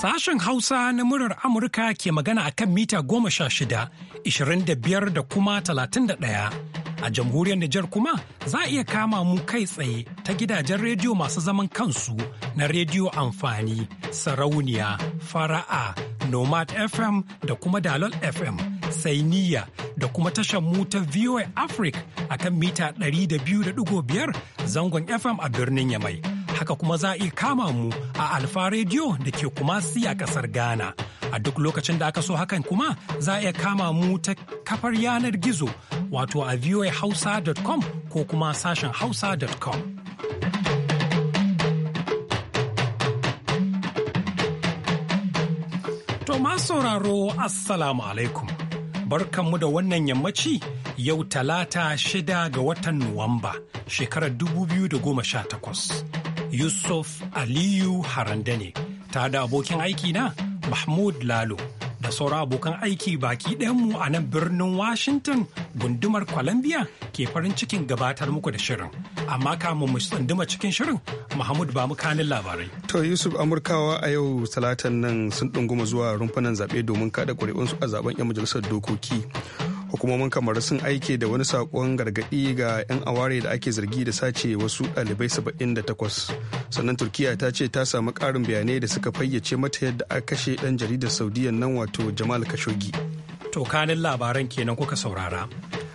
Sashen Hausa na murar Amurka ke magana a kan mita goma sha shida, ishirin da biyar da kuma talatin da ɗaya. A jamhuriyar Nijar kuma za a iya kama mu kai tsaye ta gidajen rediyo masu zaman kansu na rediyo amfani, sarauniya, fara'a, nomad FM da kuma dalol FM, sainiya da kuma tashar mu ta VOA Africa a kan mita 200.5 zangon FM a birnin Yamai. haka kuma za a iya kama mu a Alfa Radio da ke Kumasi a kasar Ghana. A duk lokacin da aka so hakan kuma za a iya kama mu ta kafar yanar gizo wato a voahausa.com ko kuma sashen hausa.com. To masu sauraro Assalamu alaikum. Barkanmu da wannan yammaci yau talata shida ga watan Nuwamba shekarar 2018. Yusuf Aliyu Harande ne, ta da abokin aiki na Mahmud Lalo da sauran abokan aiki baki ɗayanmu a nan birnin Washington gundumar Columbia ke farin cikin gabatar muku da shirin. Amma kamun mu tsunduma cikin shirin Mahmud ba mu kanin labarai. To Yusuf Amurkawa a yau talatan nan sun ɗunguma zuwa rumfunan zaɓe domin kaɗa ƙuri'unsu a zaben 'yan majalisar dokoki. hukumomin kamar sun aike da wani sakon gargaɗi ga 'yan aware da ake zargi da sace wasu ɗalibai 78 sannan turkiya ta ce ta samu ƙarin bayanai da suka fayyace mata yadda a kashe ɗan jaridar saudiya nan wato jamal khashoggi to kanin labaran kenan kuka saurara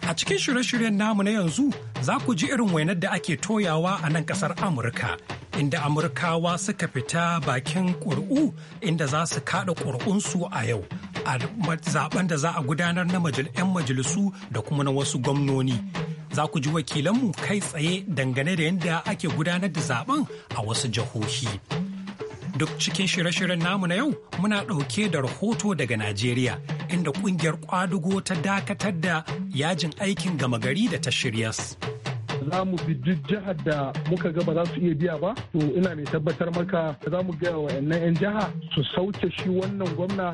a cikin shirye-shiryen namu na yanzu za ku ji irin wainar da ake toyawa a nan ƙasar amurka inda amurkawa suka fita bakin ƙuri'u inda za su kaɗa ƙuri'unsu a yau a zaben da za a gudanar na 'yan majalisu da kuma na wasu gwamnoni. Za ku ji wakilanmu kai tsaye dangane da yadda ake gudanar da zaben a wasu jihohi. Duk cikin shirye-shiryen namu na yau muna ɗauke da rahoto daga Najeriya inda ƙungiyar ƙwadugo ta dakatar da yajin aikin gama gari da ta shirya su. za mu bi duk jihar da muka ga ba za su iya biya ba to ina mai tabbatar maka za mu gaya wa 'yan jiha su sauke shi wannan gwamna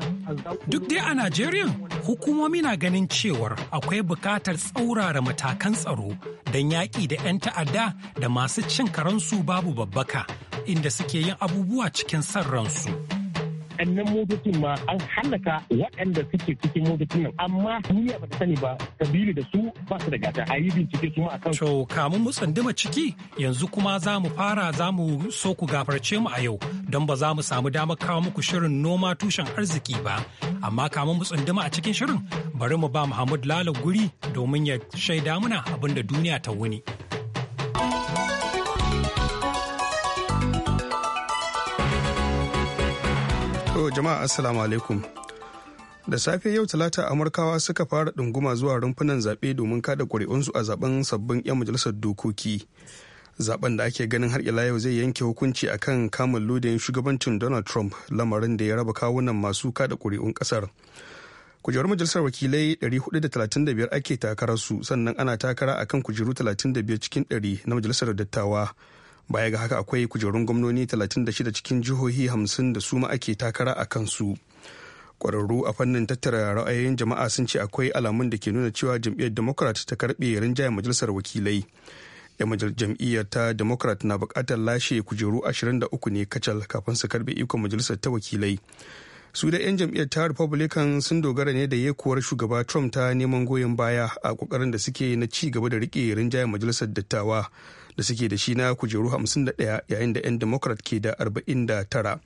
duk dai a najeriya hukumomi na ganin cewar akwai bukatar tsaurara matakan tsaro don yaƙi da 'yan ta'adda da masu cin karansu babu babbaka inda suke yin abubuwa cikin son ransu. waɗannan motocin ma an hallaka waɗanda suke cikin motocin nan amma duniya ba ta sani ba kabilu da su ba su da gata a yi bincike su ma akan to kamun mu dima ciki yanzu kuma za mu fara za mu so ku gafarce mu a yau don ba za mu samu damar kawo muku shirin noma tushen arziki ba amma kamun mu dima a cikin shirin bari mu ba Muhammad Lalo guri domin ya shaida muna abin da duniya ta wuni. To jama'a assalamu alaikum. Da safe yau talata Amurkawa suka fara ɗunguma zuwa rumfunan zaɓe domin kada ƙuri'unsu a zaben sabbin 'yan majalisar dokoki. Zaben da ake ganin har ila yau zai yanke hukunci akan kamun ludin shugabancin Donald Trump lamarin da ya raba kawunan masu kada ƙuri'un kasar kujeru majalisar wakilai 435 ake takararsu sannan ana takara akan kujeru 35 cikin 100 na majalisar dattawa baya ga haka akwai kujerun gwamnoni 36 cikin jihohi 50 da su ma ake takara a kansu kwararru a fannin tattara ra'ayoyin jama'a sun ce akwai alamun da ke nuna cewa jam'iyyar democrat ta karbe rinjayen majalisar wakilai yan jam'iyyar ta democrat na bukatar lashe kujeru 23 ne kacal kafin su karbe ikon majalisar ta wakilai su da 'yan jam'iyyar ta republican sun dogara ne da yekuwar shugaba trump ta neman goyon baya a kokarin da suke na ci gaba da rike rinjaye majalisar dattawa da suke da shi na kujeru 51 yayin da 'yan democrat ke da 49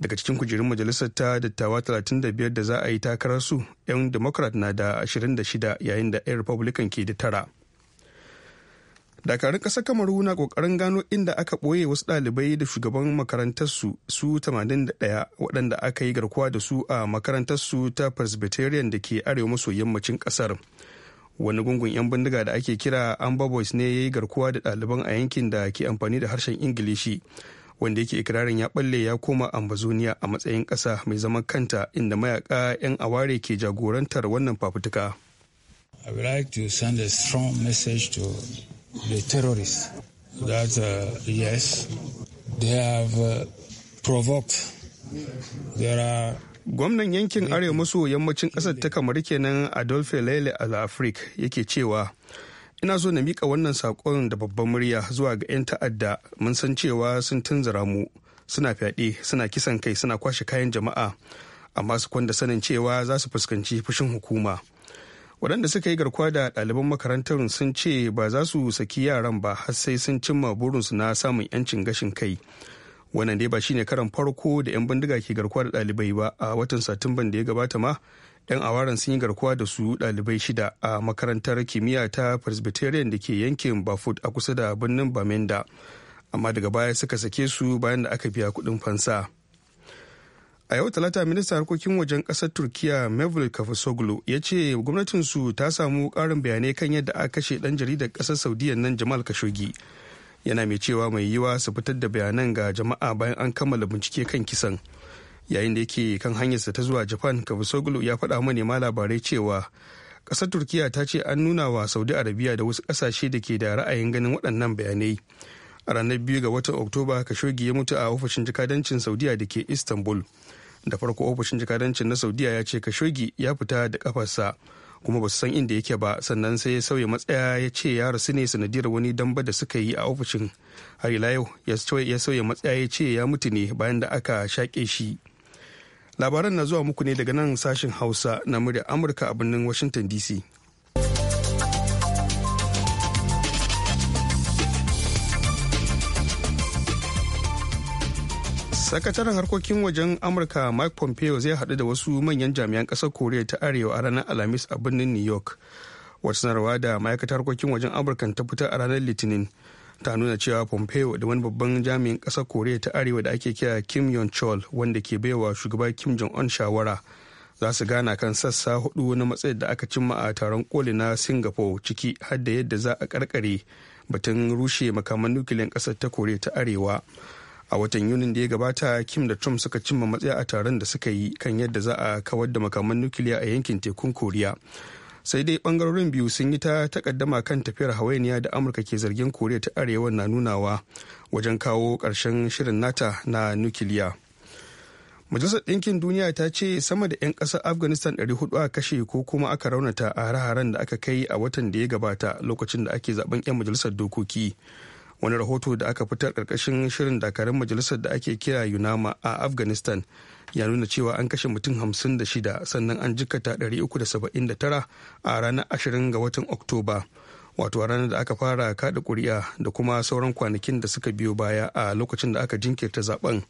daga cikin kujerun majalisar ta dattawa 35 da za a yi takarar su 'yan democrat na da 26 yayin da 'yan republican ke da tara. dakarun ƙasar kamaru na ƙoƙarin gano inda aka ɓoye wasu ɗalibai da shugaban makarantarsu su 81 waɗanda aka yi garkuwa da su a makarantarsu ta presbyterian da ke arewa maso yammacin ƙasar wani gungun 'yan bindiga da ake kira amber boys ne ya yi garkuwa da ɗaliban a yankin da ke amfani da harshen ingilishi wanda yake ikirarin ya balle ya koma ambazonia a matsayin ƙasa mai zaman kanta inda mayaka 'yan aware ke jagorantar wannan fafutuka. I would like to send a strong message to the terrorists that, uh, yes, they have uh, provoked. There are Gwamnan yankin Arewa maso yammacin ƙasar ta kamar kenan Adolphe Lele Alafrik yake cewa ina so na mika wannan saƙon da babban murya zuwa ga 'yan ta'adda mun san cewa sun tunzura mu suna fyaɗe suna kisan kai suna kwashe kayan jama'a amma su kwanda sanin cewa za su fuskanci fushin hukuma. waɗanda suka yi garkuwa da ɗaliban makarantar sun ce ba za su saki yaran ba har sai sun cimma burinsu na samun 'yancin gashin kai wannan dai ba shine karan farko da 'yan bindiga ke garkuwa da ɗalibai ba a watan satumban da ya gabata ma 'yan awaran sun yi garkuwa da su ɗalibai shida a makarantar kimiyya ta presbyterian da ke yankin bafut a kusa da birnin bamenda amma daga baya suka sake su bayan da aka biya kuɗin fansa. a yau talata ministan harkokin wajen kasar turkiya mevlut kafasoglu ya ce gwamnatinsu ta samu karin bayanai kan yadda aka kashe dan jaridar kasar saudiya nan jamal kashogi yana mai cewa mai yiwa su fitar da bayanan ga jama'a bayan an kammala bincike kan kisan yayin da yake kan hanyarsa ta zuwa japan kafasoglu ya faɗa manema labarai cewa kasar turkiya ta ce an nuna wa saudi arabiya da wasu ƙasashe da ke da ra'ayin ganin waɗannan bayanai a ranar biyu ga watan oktoba kashogi ya mutu a ofishin jakadancin saudiya da ke istanbul da farko ofishin jakadancin na saudiya ya ce kashogi ya fita da kafarsa kuma ba su san inda yake ba sannan sai ya sauya matsaya ya ce ya rasu ne sanadiyar wani damba da suka yi a ofishin har ila yau ya sauya matsaya ya ce ya mutu ne bayan da aka shaƙe shi labaran na zuwa muku ne daga nan sashen hausa na murya amurka a birnin washington dc sakataren harkokin wajen amurka mike pompeo zai haɗu da wasu manyan jami'an ƙasar koriya ta arewa a ranar alhamis a birnin new york wata sanarwa da ma'aikatar harkokin wajen amurka ta fita a ranar litinin ta nuna cewa pompeo da wani babban jami'in ƙasar koriya ta arewa da ake kira kim yong chol wanda ke baiwa shugaba kim jong un shawara za su gana kan sassa hudu na matsayin da aka cimma a taron koli na singapore ciki har da yadda za a karkare batun rushe makaman nukiliyan kasar ta koriya ta arewa a watan yunin da ya gabata kim da trump suka cimma matsaya a taron da suka yi kan yadda za a kawar da makaman nukiliya a yankin tekun koriya sai dai bangarorin biyu sun yi ta takaddama kan tafiyar hawainiya da amurka ke zargin koriya ta arewa na nunawa wajen kawo karshen shirin nata na nukiliya majalisar ɗinkin duniya ta ce sama da 'yan ƙasar afghanistan 400 a kashe ko kuma aka raunata a hare da aka kai a watan da ya gabata lokacin da ake zaben 'yan majalisar dokoki wani rahoto da aka fitar karkashin shirin dakarun majalisar da ake kira yunama a afghanistan ya nuna cewa an kashe mutum hamsin da shida sannan an jikkata 379 a ranar 20 ga watan oktoba wato ranar da aka fara kada kuri'a da kuma sauran kwanakin da suka biyo baya a lokacin da aka jinkirta zaben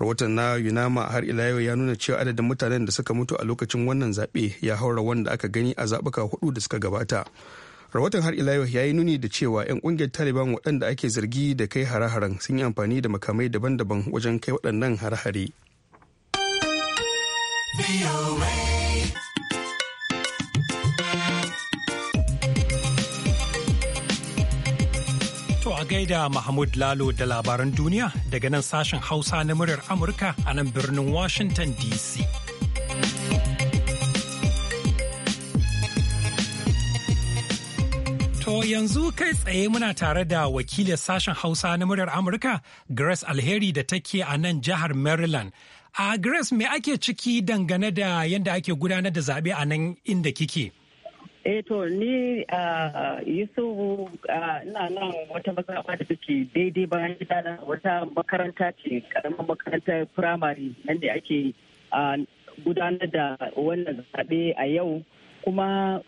rahoton na yunama har ila yau ya nuna cewa adadin mutanen da suka mutu a lokacin wannan zaɓe ya haura wanda aka gani a zaɓuka hudu da suka gabata rahoton har ila yau ya yi nuni da cewa 'yan kungiyar taliban waɗanda ake zargi da kai hare-haren sun yi amfani da makamai daban-daban wajen kai waɗannan hare-hare To a gaida Mahmud Lalo da labaran duniya daga nan sashen Hausa na muryar Amurka a nan birnin Washington DC. To yanzu kai tsaye muna tare da wakilin sashen Hausa na muryar Amurka Grace Alheri da take a nan jihar Maryland. A Grace me ake ciki dangane da yadda ake gudanar da zaɓe a nan inda kike? Eh to ni a Yusufu ina nan wata mazaɓa da take daidai bayan gidana wata makaranta ce ƙaramin makarantar firamare nan da ake gudanar da wannan zaɓe a yau kuma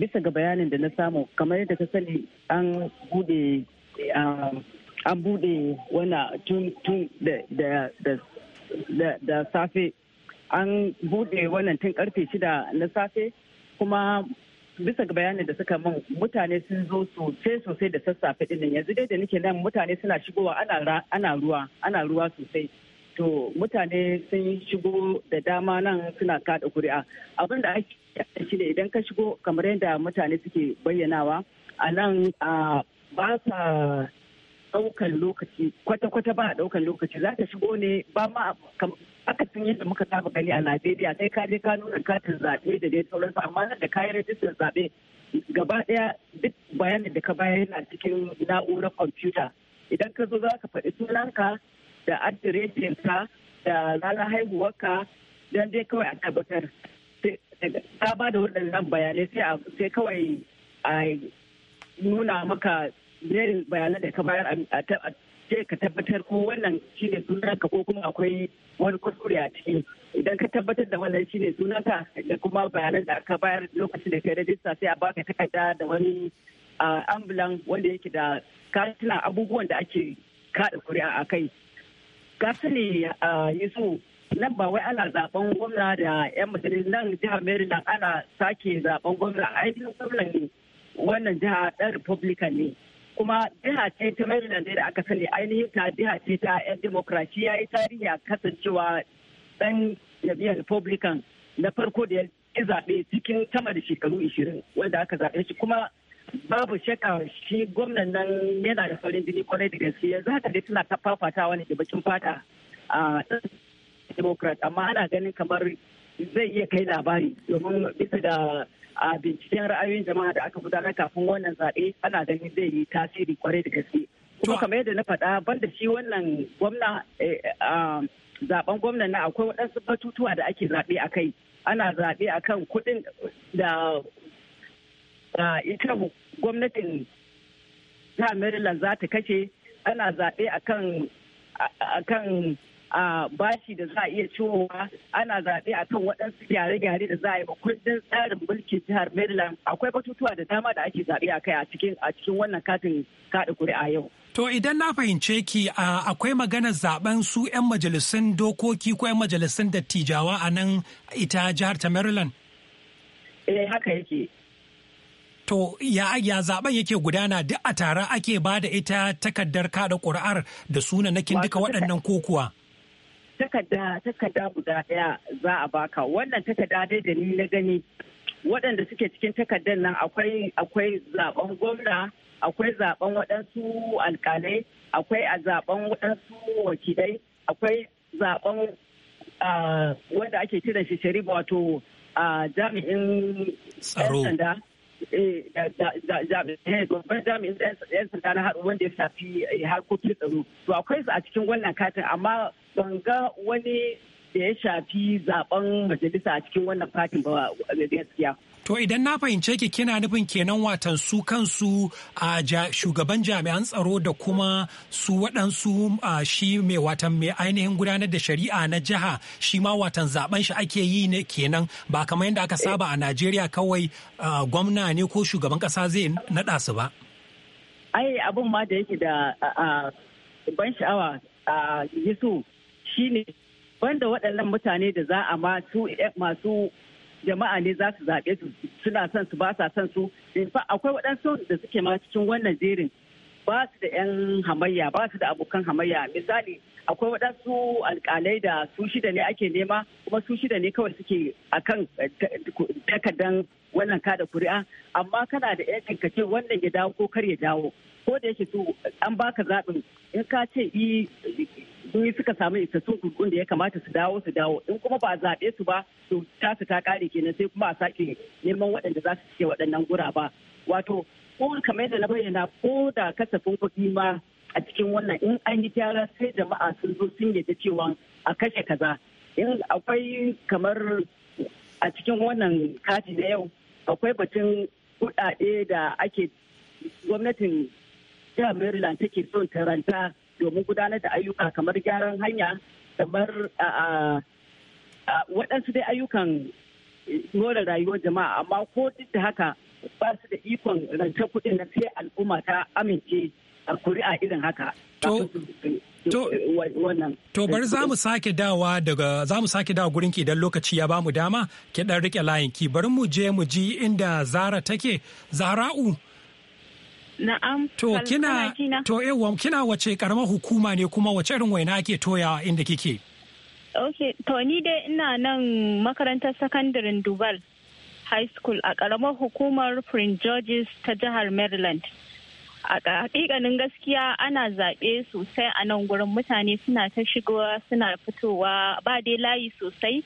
bisa ga bayanin da na samu kamar yadda ka sani an bude um, an bude wana tun tun da safe an bude wannan tun karfe shida na safe kuma bisa ga bayanin da suka min mutane sun zo sosai sosai da sassafe dinnan yanzu dai da nake nan mutane suna shigowa ana ruwa ana ruwa sosai to mutane sun shigo da dama nan suna kada kuri'a abin da ake shi ne idan ka shigo kamar yadda mutane suke bayyanawa a nan ba sa daukan lokaci kwata-kwata ba a daukan lokaci za ta shigo ne ba ma aka sun yadda muka saba gani a najeriya sai ka je ka nuna katin zaɓe da dai sauransu amma nan da kayan rajistar zaɓe gaba ɗaya duk bayanin da ka bayar yana cikin na'urar kwamfuta idan ka zo za ka faɗi sunanka da adireshinka da ranar haihuwarka don dai kawai a tabbatar ta ba da waɗannan bayanai sai kawai a nuna maka jerin bayanan da ka bayar a ce ka tabbatar ko wannan shine sunanka ko kuma akwai wani kuskure a ciki idan ka tabbatar da wannan shine sunanka da kuma bayanan da ka bayar lokacin da kai rajista sai a baka takarda da wani ambulan wanda yake da katinan abubuwan da ake kaɗa kuri'a a kai gasa ne a so nan ba wai ana zaben gwamna da 'yan majalis nan jihar maryland ana sake zaben gwamna a yi gwamnan wannan jiha ɗan republican ne kuma jiha ce ta maryland da aka sani ainihin ta jiha ce ta 'yan democrat ya yi tarihi a kasancewa ɗan jam'iyyar republican na farko da ya zaɓe cikin sama da shekaru 20 wanda aka zaɓe shi kuma babu shakka shi gwamnan nan yana da farin jini kwarai da gaske yanzu haka dai tana ta fafata wani da bakin fata a democrat amma ana ganin kamar zai iya kai labari domin bisa da a binciken ra'ayoyin jama'a da aka gudanar kafin wannan zaɓe ana ganin zai yi tasiri kwarai da gaske kuma kamar yadda na faɗa banda shi wannan gwamna eh, eh, zaben gwamnan na akwai waɗansu batutuwa da ake zaɓe a kai ana zaɓe a kan kuɗin da ita gwamnatin ta maryland za ta kashe ana zaɓe akan bashi da za a iya ciwowa ana zaɓe a kan waɗansu gyare-gyare da za a yi ba kundin tsarin mulkin jihar maryland akwai batutuwa da dama da ake zaɓe a kai a cikin wannan katin kaɗa kuri'a yau To idan na fahimce ki akwai magana zaben su 'yan majalisun dokoki ko 'yan majalisun dattijawa a nan ita jihar ta Maryland? Eh haka yake. to ya ya zaben yake gudana duk a tara ake ba da ita takardar kada ƙuri'ar da sunanakin duka waɗannan kokuwa. takarda takarda guda ɗaya za a baka wannan takarda dai da ni na gani waɗanda suke cikin takardar nan akwai akwai zaben gwamna akwai zaben waɗansu alƙalai akwai a zaben waɗansu wakilai akwai zaben wanda ake kiran shi shari'a wato jami'in tsaro babban jami'in yan sanda na haɗu wanda ya shafi harkokin tsaro to akwai su a cikin wannan katin amma ban ga wani da ya shafi zaben majalisa a cikin wannan fatin ba eh, gaskiya. To idan na fahimce ki kina nufin kenan watan su kansu a shugaban jami'an tsaro da kuma su waɗansu shi mai watan mai ainihin gudanar da shari'a na jiha shi ma watan zaben shi ake yi ne kenan ba kamar yadda aka saba a Najeriya kawai gwamna ne ko shugaban ƙasa zai naɗa su ba. Ai abin ma da yake da ban sha'awa a so shi ne Wanda waɗannan mutane da za a masu eh, masu jama'a ne za su zaɓe su suna son su ba sa son su in fa akwai waɗansu da suke ma cikin wannan jerin ba su da 'yan hamayya ba su da abokan hamayya misali akwai waɗansu alƙalai da su shida ne ake nema kuma su shida ne kawai suke akan eh, takardan wannan kada kuri'a amma kana da 'yan kankace wannan ya dawo ko kar ya dawo ko da yake su an baka zaɓin in ka ce yi suka samu isassun kurkun da ya kamata su dawo su dawo in kuma ba zaɓe su ba to tasu ta kare kenan sai kuma a sake neman waɗanda za su cike waɗannan gura ba wato ko kamar yadda na bayyana ko da kasafin kuɗi ma a cikin wannan in an yi gyara sai jama'a sun zo sun yadda cewa a kashe kaza in akwai kamar a cikin wannan kati na yau akwai batun kuɗaɗe da ake gwamnatin jihar maryland take son taranta domin gudanar da ayyuka kamar gyaran hanya kamar waɗansu dai ayyukan eh, more rayuwar jama'a amma ko duk da haka ba su da ikon rancen kuɗin na sai al'umma ta amince a kuri'a irin haka. To eh, bari za mu sake dawa daga za mu sake dawa gurin ki idan lokaci ya bamu dama ki dan rike layin ki bari mu je mu ji inda Zara take Zara'u Na'am. To kina wace karamar hukuma ne kuma wace irin waina ake toya inda kike? Ok, to ni dai ina nan makarantar sakandaren dubal High School a karamar hukumar Prince George's ta jihar Maryland. A hakikanin gaskiya ana zaɓe sosai a nan gurin mutane suna ta shigowa suna fitowa ba dai layi sosai.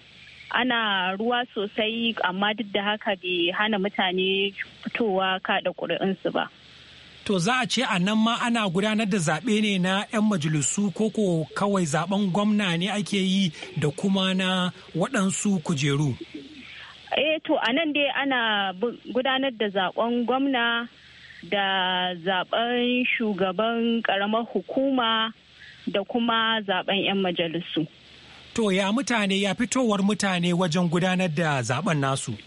ana ruwa sosai amma duk da haka bai hana mutane fitowa kaɗa ƙuri'unsu ba. to za a ce a nan ma ana gudanar da zaɓe ne na 'yan majalisu ko kawai zaben gwamna ne ake yi da kuma na waɗansu kujeru eh to a nan dai ana gudanar da zaben gwamna da zaben shugaban ƙaramar hukuma da kuma zaben 'yan majalisu to ya mutane ya fitowar mutane wajen gudanar da zaben nasu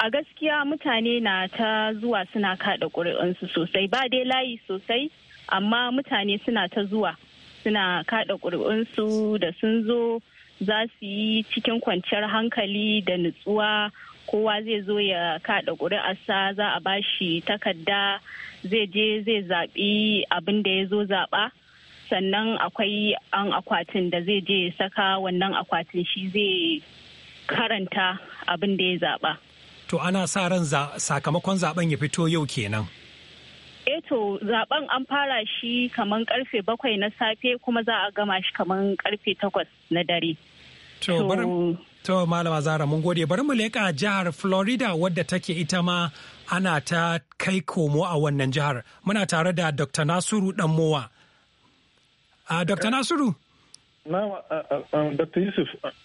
a gaskiya mutane na ta zuwa suna kada ƙuri'unsu sosai ba dai layi sosai amma mutane suna ta zuwa suna kada ƙuri'unsu da sun zo za su yi cikin kwanciyar hankali da nutsuwa kowa zai zo ya kada ƙuri'arsa za a bashi takarda zai je zai zaɓi abin da ya zo zaɓa sannan akwai an akwatin da zai je ya saka wannan akwatin shi zai karanta abin da ya zaɓa to ana sa ran sakamakon zaben ya fito yau kenan. Eto eh zaben an fara shi kamar karfe bakwai na safe kuma za a gama shi kamar karfe takwas na dare. To To Malama Zara mun gode bari mu leƙa jihar Florida wadda take ita ma ana ta kai komo a wannan jihar. Muna tare da Dr. Nasiru Danmowa. Uh, ah, Dr. Eh. Nasiru, Uh, uh, um, uh,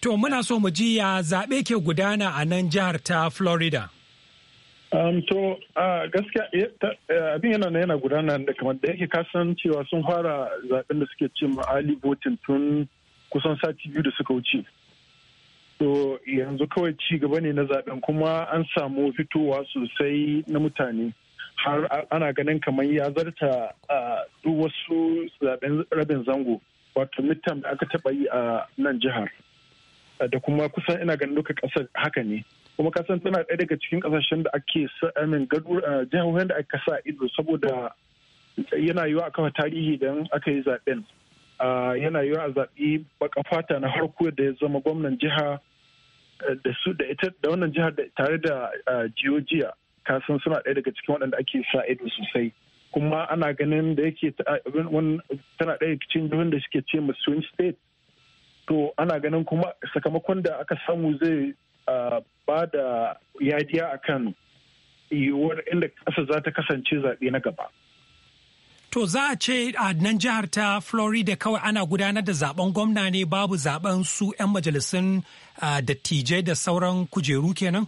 to, muna so mu ji ya zaɓe ke gudana a nan jihar ta Florida. Um, to, uh, gaskiya eh, eh, abin yana yana gudana da kamar da yake kasan cewa sun fara zaɓen da suke ce ma'ali voting tun kusan sati biyu da suka wuce. To, yanzu kawai ci gaba ne na zaɓen kuma an samu fitowa sosai na mutane. Har ana ganin kamar ya zarta duk wasu zaɓen rabin zango. wato midterm da aka taba yi a nan jihar da kuma kusan ina ganin duka kasar haka ne kuma kasan tana ɗaya daga cikin kasashen da ake amin gadu jihohin da aka sa ido saboda yana yiwa a kafa tarihi idan aka yi zaɓen yana yiwa a zaɓi baka fata na harko da ya zama gwamnan jiha da su da ita da wannan jihar tare da jiyojiya kasan suna ɗaya daga cikin waɗanda ake sa ido sosai kuma ana ganin da yake tana ɗaya cikin jihohin da suke ce mu swing state to ana ganin kuma sakamakon da aka samu zai ba da yadiya a kan yiwuwar inda kasa za ta kasance zaɓe na gaba To za a ce a nan jihar ta Florida kawai ana gudanar da zaben gwamna ne babu zaben su 'yan majalisun dattijai da sauran kujeru kenan?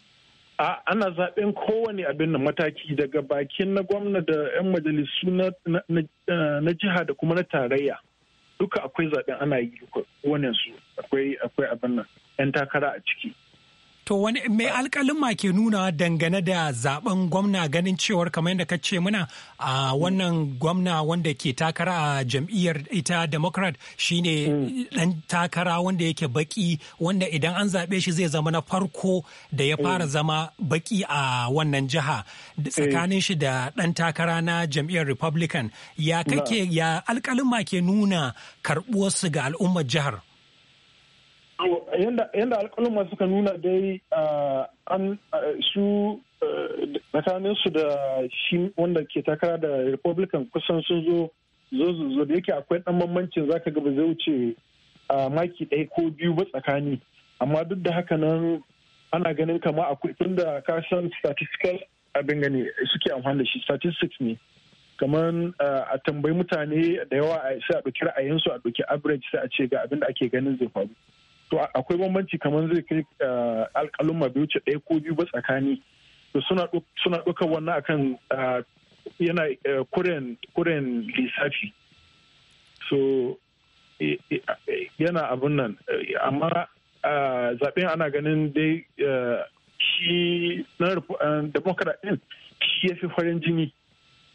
a ana zaɓen kowane abin da mataki daga bakin na gwamna da 'yan majalisu eh, na jiha da kuma na tarayya duka akwai zaɓen ana yi wani su akwai abin nan 'yan takara a ciki To wani mai alkalin ke nuna dangane da zaben gwamna ganin cewar kamar yadda ka ce muna a wannan gwamna wanda ke takara a jam'iyyar ita democrat shine dan mm. takara wanda yake baki wanda idan an zaɓe shi zai zama na farko da ya fara mm. zama baki a wannan jiha eh. tsakanin shi da dan takara na jam'iyyar republican ya kake ya alkalin ke nuna karɓuwarsu ga al'ummar jihar. yadda alƙaluma suka nuna dai an su tsakanin su da shi wanda ke takara da republican kusan sun zo zo da yake akwai ɗan bambancin zaka ga ba zai wuce maki ɗaya ko biyu ba tsakani amma duk da haka nan ana ganin kama akwai tunda ka san statistical abin gani suke amfani da shi statistics ne kamar a tambayi mutane da yawa sai a ɗauki ra'ayinsu a ɗauki average sai a ce ga abin da ake ganin zai faru to akwai bambanci kamar zai kai eh, alƙaluma bai wuce ɗaya ko biyu ba tsakani to suna ɗaukar wannan akan eh, yana eh, kuren lissafi so yana abun nan amma zaɓen ana ganin dai shi na ɗin shi ya fi farin jini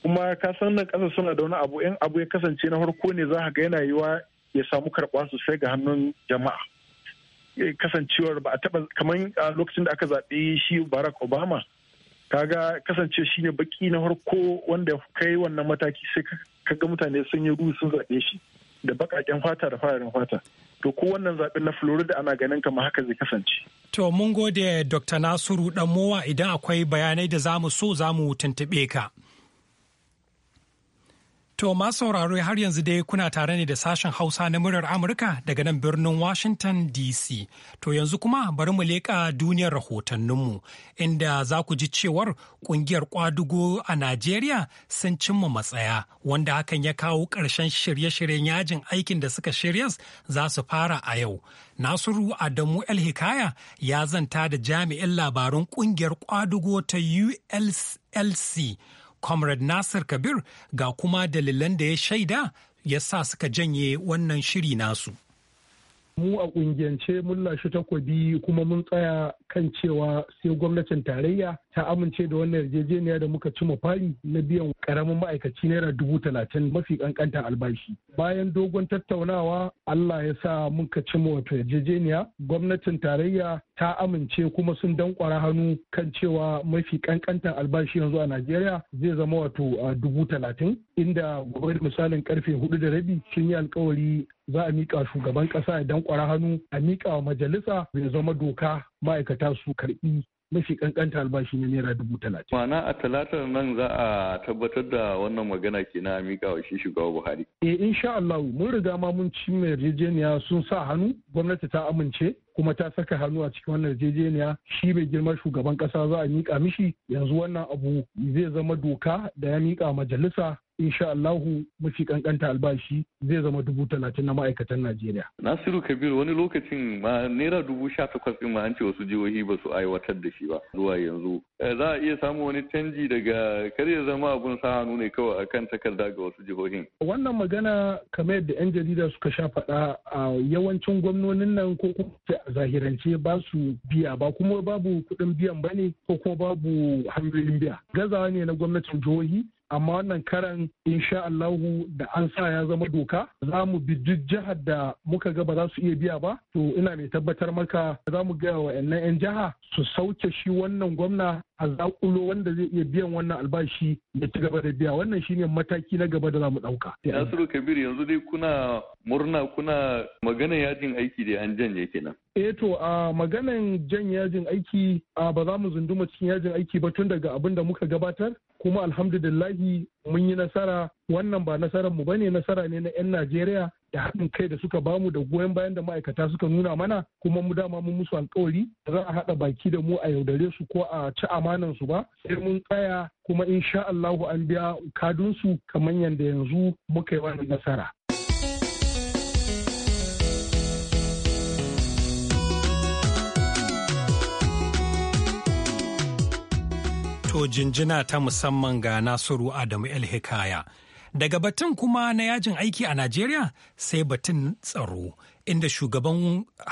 kuma ka san nan ƙasa suna da wani abu in abu ya kasance na farko ne za ga yana yiwa ya samu karɓa sosai ga hannun jama'a kasancewar ba a taba kamar a lokacin da aka zaɓe shi barack obama ga kasance shi ne baki na harko wanda kai wannan mataki sai ga mutane sun yi ruhu sun zaɓe shi da baƙaƙen fata da fararen fata to ko wannan zaɓen na florida ana ganin kamar haka zai kasance to mun gode dr nasiru dan idan akwai bayanai da zamu so zamu tuntuɓe ka To masu sauraro har yanzu dai kuna tare ne da sashen Hausa na muryar Amurka daga nan birnin Washington DC. To yanzu kuma bari mu leƙa duniyar rahotanninmu inda za ku ji cewar kungiyar kwadugo a Najeriya sun cimma matsaya wanda hakan ya kawo ƙarshen shirye-shiryen yajin aikin da suka shirya za su fara a yau. Nasiru Adamu El Hikaya ya zanta da jami'in labarun kungiyar kwadugo ta ULC comrade nasir kabir ga kuma dalilan da ya shaida ya sa suka janye wannan shiri nasu mu a kungiyance mun lashe takobi kuma mun tsaya kan cewa sai gwamnatin tarayya ta amince da wannan yarjejeniya da muka ci fari na biyan karamin ma'aikaci naira dubu talatin mafi kankantar albashi bayan dogon tattaunawa allah ya sa muka ci wato yarjejeniya gwamnatin tarayya ta amince kuma sun dankwara hannu kan cewa mafi kankantar albashi yanzu a najeriya zai zama wato dubu talatin inda gobe misalin karfe hudu da rabi sun yi alkawari za a mika shugaban kasa idan kwara hannu a mika wa majalisa bai zama doka ma'aikata su karbi mafi kankanta albashi na naira dubu talatin. Mana a talatar nan za a tabbatar da wannan magana ke na mika wa shi shugaba Buhari. Eh insha Allah mun riga ma mun ci mai yarjejeniya sun sa hannu gwamnati ta amince kuma ta saka hannu a cikin wannan yarjejeniya shi bai girma shugaban kasa za a mika mishi yanzu wannan abu zai zama doka da ya mika majalisa insha Allahu mafi kankanta albashi zai zama dubu talatin na ma'aikatan Najeriya. Nasiru Kabiru wani lokacin ma naira dubu sha takwas ɗin ma an ce wasu jihohi ba su aiwatar da shi ba zuwa yanzu. Eh, za a iya samun wani canji daga kar ya zama abun sa hannu ne kawai akan takarda ga wasu jihohin. Wannan magana kamar yadda 'yan jarida suka sha faɗa a yawancin gwamnonin nan ko kuma a zahirance ba su biya ba kuma babu kuɗin biyan ba ne ko kuma babu hanyoyin biya. Gazawa ne na gwamnatin jihohi amma wannan karan insha Allahu da an sa ya zama doka za mu bi duk jihar da muka ga ba za su iya biya ba to ina mai tabbatar maka za mu gaya wa 'yan jiha su sauke shi wannan gwamna a zakulo wanda zai iya biyan wannan albashi ya ci gaba da biya wannan shine mataki na gaba da za mu dauka Nasiru Kabir yanzu dai kuna murna kuna magana yajin aiki da an janye kenan eh to a maganan jan yajin aiki a ba za mu zunduma cikin yajin aiki ba tun daga abin da muka gabatar kuma alhamdulillahi mun yi nasara wannan ba nasarar mu bane nasara ne na 'yan najeriya da haɗin kai da suka bamu da goyon bayan da ma'aikata suka nuna mana kuma mu dama mun musu alkawari za a haɗa baki da mu a yaudare su ko a ci amanan su ba sai mun tsaya kuma insha Allahu an biya kadun su kamar yadda yanzu muka yi wannan nasara To jinjina ta musamman ga Nasiru Adamu El Hikaya. Daga batun kuma na yajin aiki a Najeriya sai batun tsaro, inda shugaban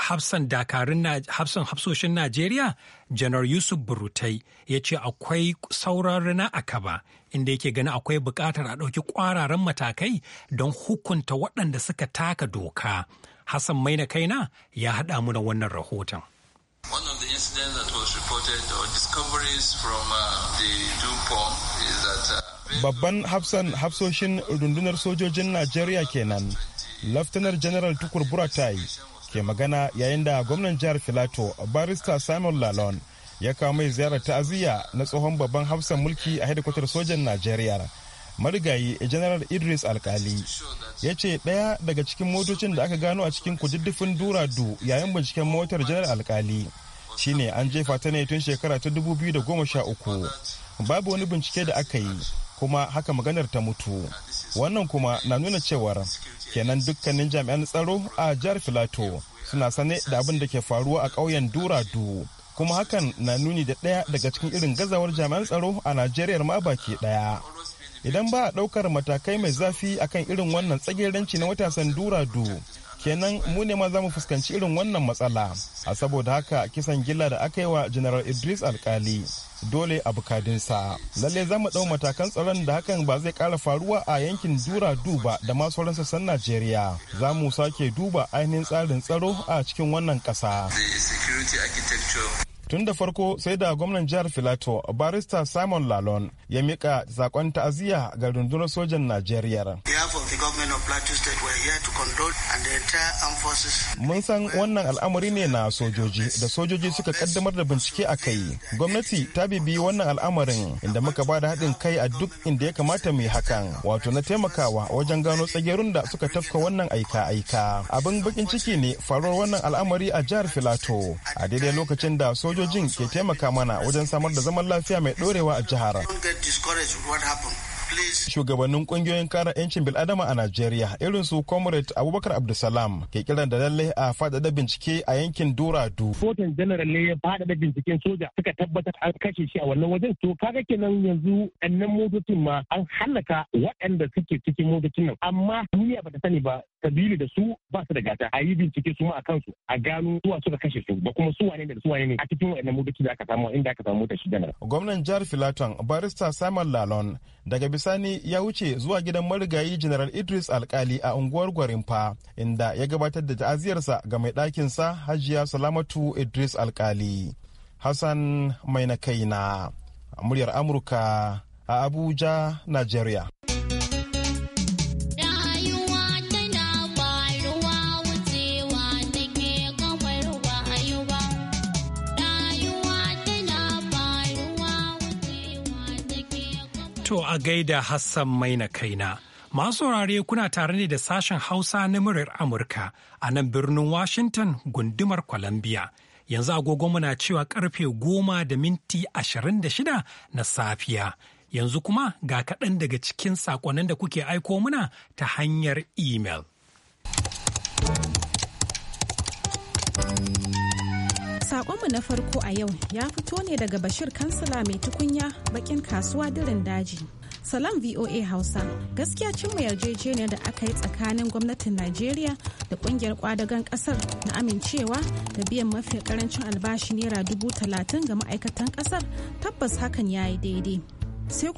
hafsan dakarun hafsan hafsoshin Najeriya, Janar Yusuf Burutai, ya ce akwai sauran na akaba, inda yake gani akwai bukatar a ɗauki ƙwararan matakai don hukunta waɗanda suka taka doka. Hassan Maina Kaina ya haɗa mu da wannan rahoton. One of the incidents that was reported from uh, the uh, babban hafsan hafsoshin rundunar sojojin najeriya kenan laftanar general tukur buratai ke magana yayin da gwamnan jihar filato barista simon lalon ya kawo mai ziyarar ta'aziyya na tsohon babban hafsan mulki a hedikwatar sojan najeriya marigayi general idris alkali ya ce ɗaya daga cikin motocin da aka gano a cikin kududdufin duradu yayin binciken motar general alkali shine an jefa ta ne tun shekara ta 2013 babu wani bincike da aka yi kuma haka maganar ta mutu wannan kuma na nuna cewar kenan dukkanin jami'an tsaro a jihar filato suna sane da abin da ke faruwa a ƙauyen duradu kuma hakan na nuni da ɗaya daga cikin irin gazawar jami'an tsaro a najeriya ma baki ɗaya idan ba a ɗaukar matakai mai zafi akan irin wannan tsageranci na matasan duradu kenan mu ne ma za mu fuskanci irin wannan matsala a saboda haka kisan gilla da aka yi wa general idris alkali dole a bukadinsa lalle za mu ɗau matakan tsaron da hakan ba zai ƙara faruwa a yankin dura duba da ma sauran sassan najeriya za mu sake duba ainihin tsarin tsaro a cikin wannan ƙasa tun da farko sai da gwamnan jihar filato barista simon lalon ya mika sakon ta'aziyya ga rundunar sojan najeriya mun san wannan al'amari ne na sojoji da sojoji suka kaddamar da bincike a kai gwamnati ta bibi wannan al'amarin inda muka ba da haɗin kai a duk inda ya kamata mu yi hakan wato na taimakawa wajen gano tsagerun da suka tafka wannan aika-aika abin bakin ciki ne faruwar wannan al'amari a jihar filato a daidai lokacin da sojoji sojojin ke taimaka mana wajen samar da zaman lafiya mai dorewa a jihar. Shugabannin kungiyoyin kare 'yancin bil'adama a Najeriya irin su Comrade Abubakar Abdulsalam ke kiran da lalle a faɗaɗa bincike a yankin duradu. Kotun General ne ya faɗaɗa binciken soja suka tabbatar an kashe shi a wannan wajen. To kaga kenan yanzu ɗannan motocin ma an hallaka waɗanda suke cikin motocin nan. Amma duniya ba ta sani ba kabilu da su ba su da gata a yi bincike su a kansu a gano suwa suka kashe su ba kuma suwa ne da suwa ne a cikin wannan motoci da aka samu inda aka samu mota shi da gwamnan jihar filaton barista simon lalon daga bisani ya wuce zuwa gidan marigayi general idris alkali a unguwar gwarinfa inda ya gabatar da ta'aziyarsa ga mai ɗakinsa hajiya salamatu idris alkali hassan mai na kaina muryar amurka a abuja nigeria To a gaida Hassan Maina kaina. Masu saurare kuna tare ne da sashen Hausa na murar Amurka a nan birnin Washington gundumar Columbia. Yanzu agogo muna cewa karfe goma da minti ashirin da shida na safiya. Yanzu kuma ga kaɗan daga cikin saƙonin da kuke aiko muna ta hanyar imel. Sakonmu na farko a yau ya fito ne daga Bashir Kansila mai tukunya bakin kasuwa dirin daji. Salam VOA Hausa, gaskiya cimma yarjejeniyar da aka yi tsakanin gwamnatin Najeriya da kungiyar kwadagan kasar na amincewa da biyan mafi karancin albashi naira dubu talatin ga ma'aikatan kasar tabbas hakan ya yi daidai. sai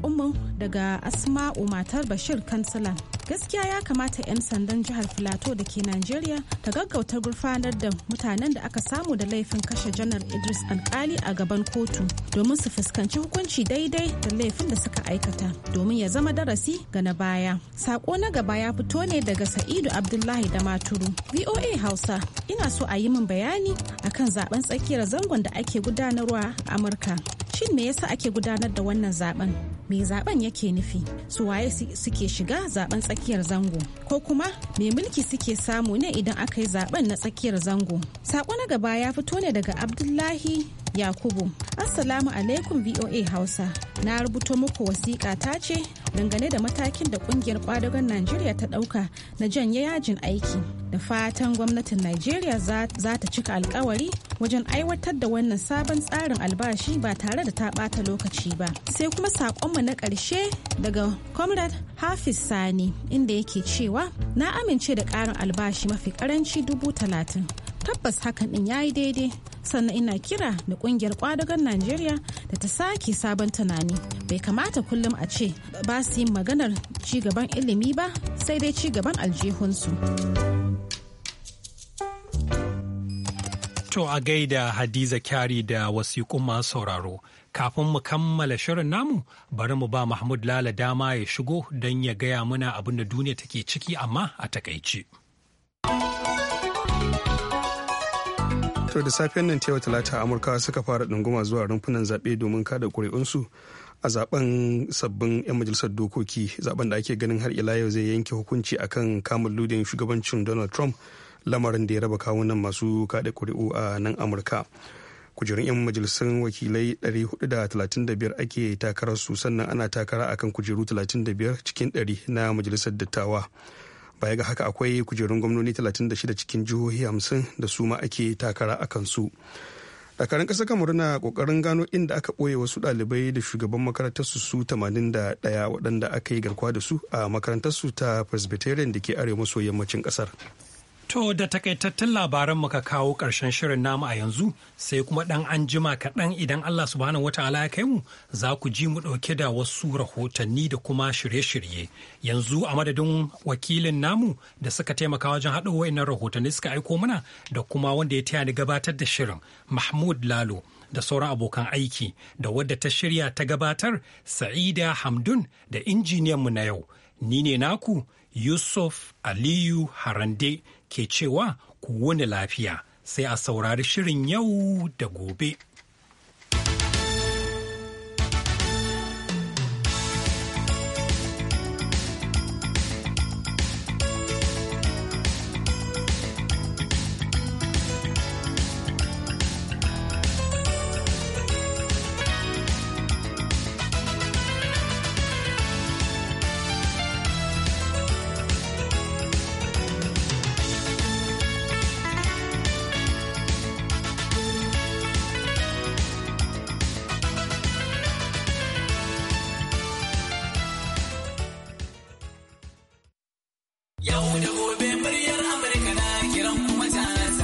kuma mu daga asma'u matar bashir Kansila. gaskiya ya kamata 'yan sandan jihar filato da ke najeriya ta gaggauta gurfanar da mutanen da aka samu da laifin kashe janar idris alkali a gaban kotu domin su fuskanci hukunci daidai da laifin da suka aikata domin ya zama darasi ga na baya Saƙo na gaba ya fito ne daga sa'idu abdullahi da maturu voa hausa ina so a yi min bayani akan zaben tsakiyar zangon da ake gudanarwa a amurka shin me yasa ake gudanar da wannan zaben me zaben yake nufi su waye suke shiga zaben tsakiyar zango ko kuma me mulki suke samu ne idan aka yi zaben na tsakiyar zango sako na gaba ya fito ne daga abdullahi Yakubu. Assalamu alaikum VOA Hausa. Na rubuto muku wasiƙa ta ce dangane da matakin da ƙungiyar ƙwadagon Najeriya ta ɗauka na janye yajin aiki. Da fatan gwamnatin Najeriya za ta cika alƙawari wajen aiwatar da wannan sabon tsarin albashi ba tare da ta ɓata lokaci ba. Sai kuma saƙonmu na ƙarshe daga Comrade Hafiz Sani inda yake cewa na amince da ƙarin albashi mafi ƙaranci dubu talatin. tabbas hakan din yayi daidai sannan ina kira da kungiyar kwadagon najeriya da ta sake sabon tunani bai kamata kullum a ce ba su yin maganar cigaban ilimi ba sai dai cigaban aljihunsu to a gaida hadiza kyari da wasiƙun masu sauraro kafin mu kammala shirin namu bari mu ba mahmud lala dama ya shigo don ya gaya muna abin da duniya take ciki amma a takaici. to da safiyan nan yau talata amurka suka fara ɗunguma zuwa rumfunan zaɓe domin kada ƙuri'unsu a zaben sabbin 'yan majalisar dokoki zaben da ake ganin har ila yau zai yanke hukunci akan kamun ludin shugabancin donald trump lamarin da ya raba kawunan masu kada ƙuri'u a nan amurka kujerun 'yan majalisun wakilai 435 ake takararsu sannan ana takara akan kujeru 35 cikin 100 na majalisar dattawa baya ga haka akwai kujerun gwamnoni 36 cikin jihohi 50 da su ma ake takara a kansu dakarun ƙasar kamaru na ƙoƙarin gano inda aka ɓoye wasu ɗalibai da shugaban makarantarsu su 81 waɗanda aka yi garkuwa da su a makarantarsu ta presbyterian da ke arewa maso yammacin ƙasar To da takaitattun labaran muka kawo ƙarshen shirin namu a yanzu sai kuma ɗan an jima kaɗan idan Allah subhanahu wa ta'ala ya kai mu za ku ji mu ɗauke da wasu rahotanni da kuma shirye-shirye. Yanzu a madadin wakilin namu da suka taimaka wajen haɗo wa'innan rahotanni suka aiko mana da kuma wanda ya taya ni gabatar da shirin Mahmud Lalo. da sauran abokan aiki da wadda ta shirya ta gabatar sa'ida hamdun da injiniyan mu na yau ni ne naku yusuf aliyu harande ke cewa ku wuni lafiya sai a saurari shirin yau da gobe.